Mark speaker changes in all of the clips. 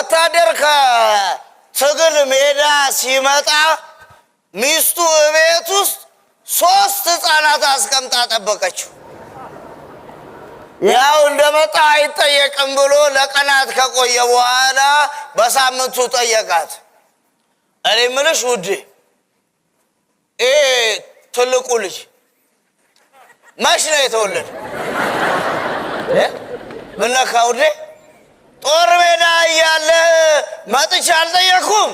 Speaker 1: ወታደር ከትግል ሜዳ ሲመጣ ሚስቱ እቤት ውስጥ ሶስት ህፃናት አስቀምጣ ጠበቀችው። ያው እንደመጣ አይጠየቅም ብሎ ለቀናት ከቆየ በኋላ በሳምንቱ ጠየቃት። እኔ ምልሽ ውዴ፣ ይሄ ትልቁ ልጅ መች ነው የተወለደ? ምነካ ውዴ ጦር ሜዳ እያለ መጥቼ አልጠየቅኩም።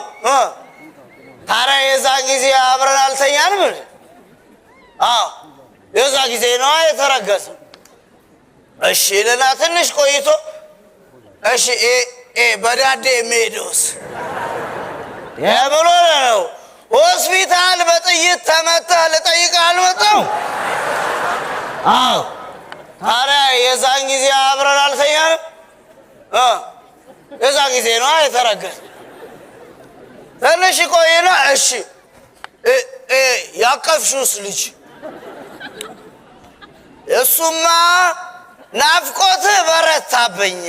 Speaker 1: ታዲያ የዛ ጊዜ አብረን አልተኛንም። አዎ የዛ ጊዜ ነዋ የተረገሰ። እሺ ልና ትንሽ ቆይቶ እሺ በዳዴ ሜዶስ የምሎ ነው። ሆስፒታል በጥይት ተመተህ ልጠይቅህ አልመጣው። አዎ ታዲያ የዛን ጊዜ አብረን አልተኛንም። እዛ ጊዜ ነው የተረገዝ። ትንሽ ቆይና፣ እሺ ያቀፍሹስ ልጅ እሱማ ናፍቆት በረታብኝ፣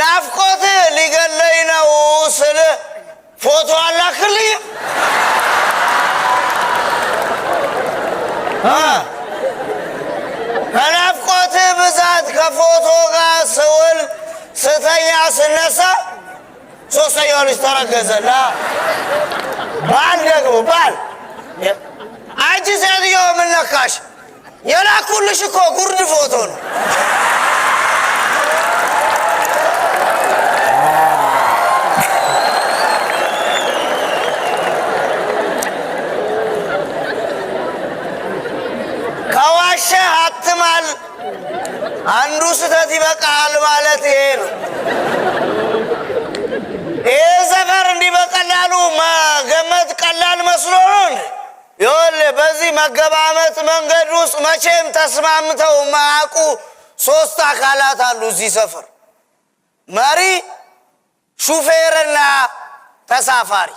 Speaker 1: ናፍቆት ሊገለኝ ነው ስል ፎቶ አላክልኝ ከናፍቆት ብዛት ከፎቶ ጋር ስውል ስተኛ ስነሳ ሶስተኛው ልጅ ተረገዘና ባል ደግሞ ባል አንቺ ሴትዮ ምን ነካሽ? የላኩልሽ እኮ ጉርድ ፎቶ ነው። አንዱ ስህተት ይበቃል ማለት ይሄ ነው። ይህ ሰፈር እንዲህ በቀላሉ መገመት ቀላል መስሎን ይሆን። በዚህ መገማመት መንገድ ውስጥ መቼም ተስማምተው ማያውቁ ሶስት አካላት አሉ እዚህ ሰፈር መሪ፣ ሹፌርና ተሳፋሪ።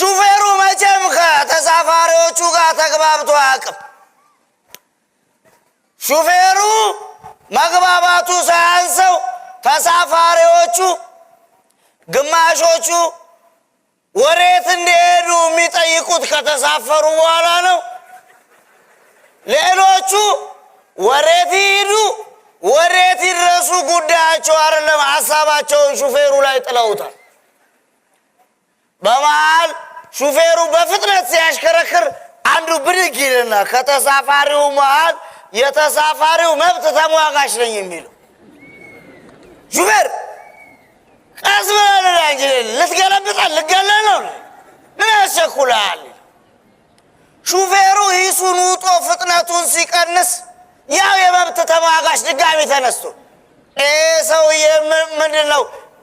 Speaker 1: ሹፌሩ መቼም ከተሳፋሪዎቹ ጋር ተግባብቶ አያውቅም። ሹፌሩ መግባባቱ ሳያንሰው ተሳፋሪዎቹ ግማሾቹ ወዴት እንደሄዱ የሚጠይቁት ከተሳፈሩ በኋላ ነው። ሌሎቹ ወዴት ይሄዱ ወዴት ይድረሱ ጉዳያቸው አይደለም። ሀሳባቸውን ሹፌሩ ላይ ጥለውታል። በመሀል ሹፌሩ በፍጥነት ሲያሽከረክር አንዱ ብድግ ይልና ከተሳፋሪው መሃል የተሳፋሪው መብት ተሟጋች ነኝ የሚሉ ሹፌር ቀስ ብለህ እንጂ ልትገለብጠን ልገለል ነው። ምን ያስቸኩላል? ሹፌሩ ሂሱን ውጦ ፍጥነቱን ሲቀንስ ያው የመብት ተሟጋች ድጋሚ ተነስቶ ሰውዬ ምንድን ነው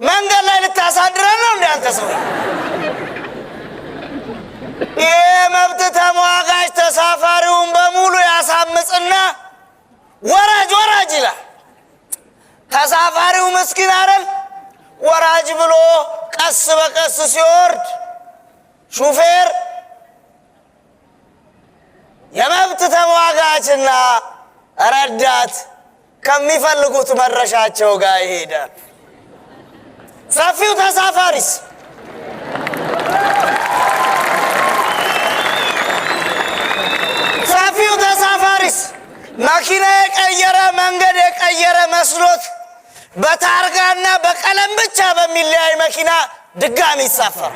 Speaker 1: መንገድ ላይ ልታሳድረን ነው? እንደ አንተ ሰው ወራጅ ብሎ ቀስ በቀስ ሲወርድ ሹፌር የመብት ተሟጋችና ረዳት ከሚፈልጉት መድረሻቸው ጋር ይሄዳል። ሰፊው ተሳፋሪስ ሰፊው ተሳፋሪስ መኪና የቀየረ መንገድ የቀየረ መስሎት በታርጋና በቀለም ብቻ በሚለያይ መኪና ድጋሚ ይሳፈር።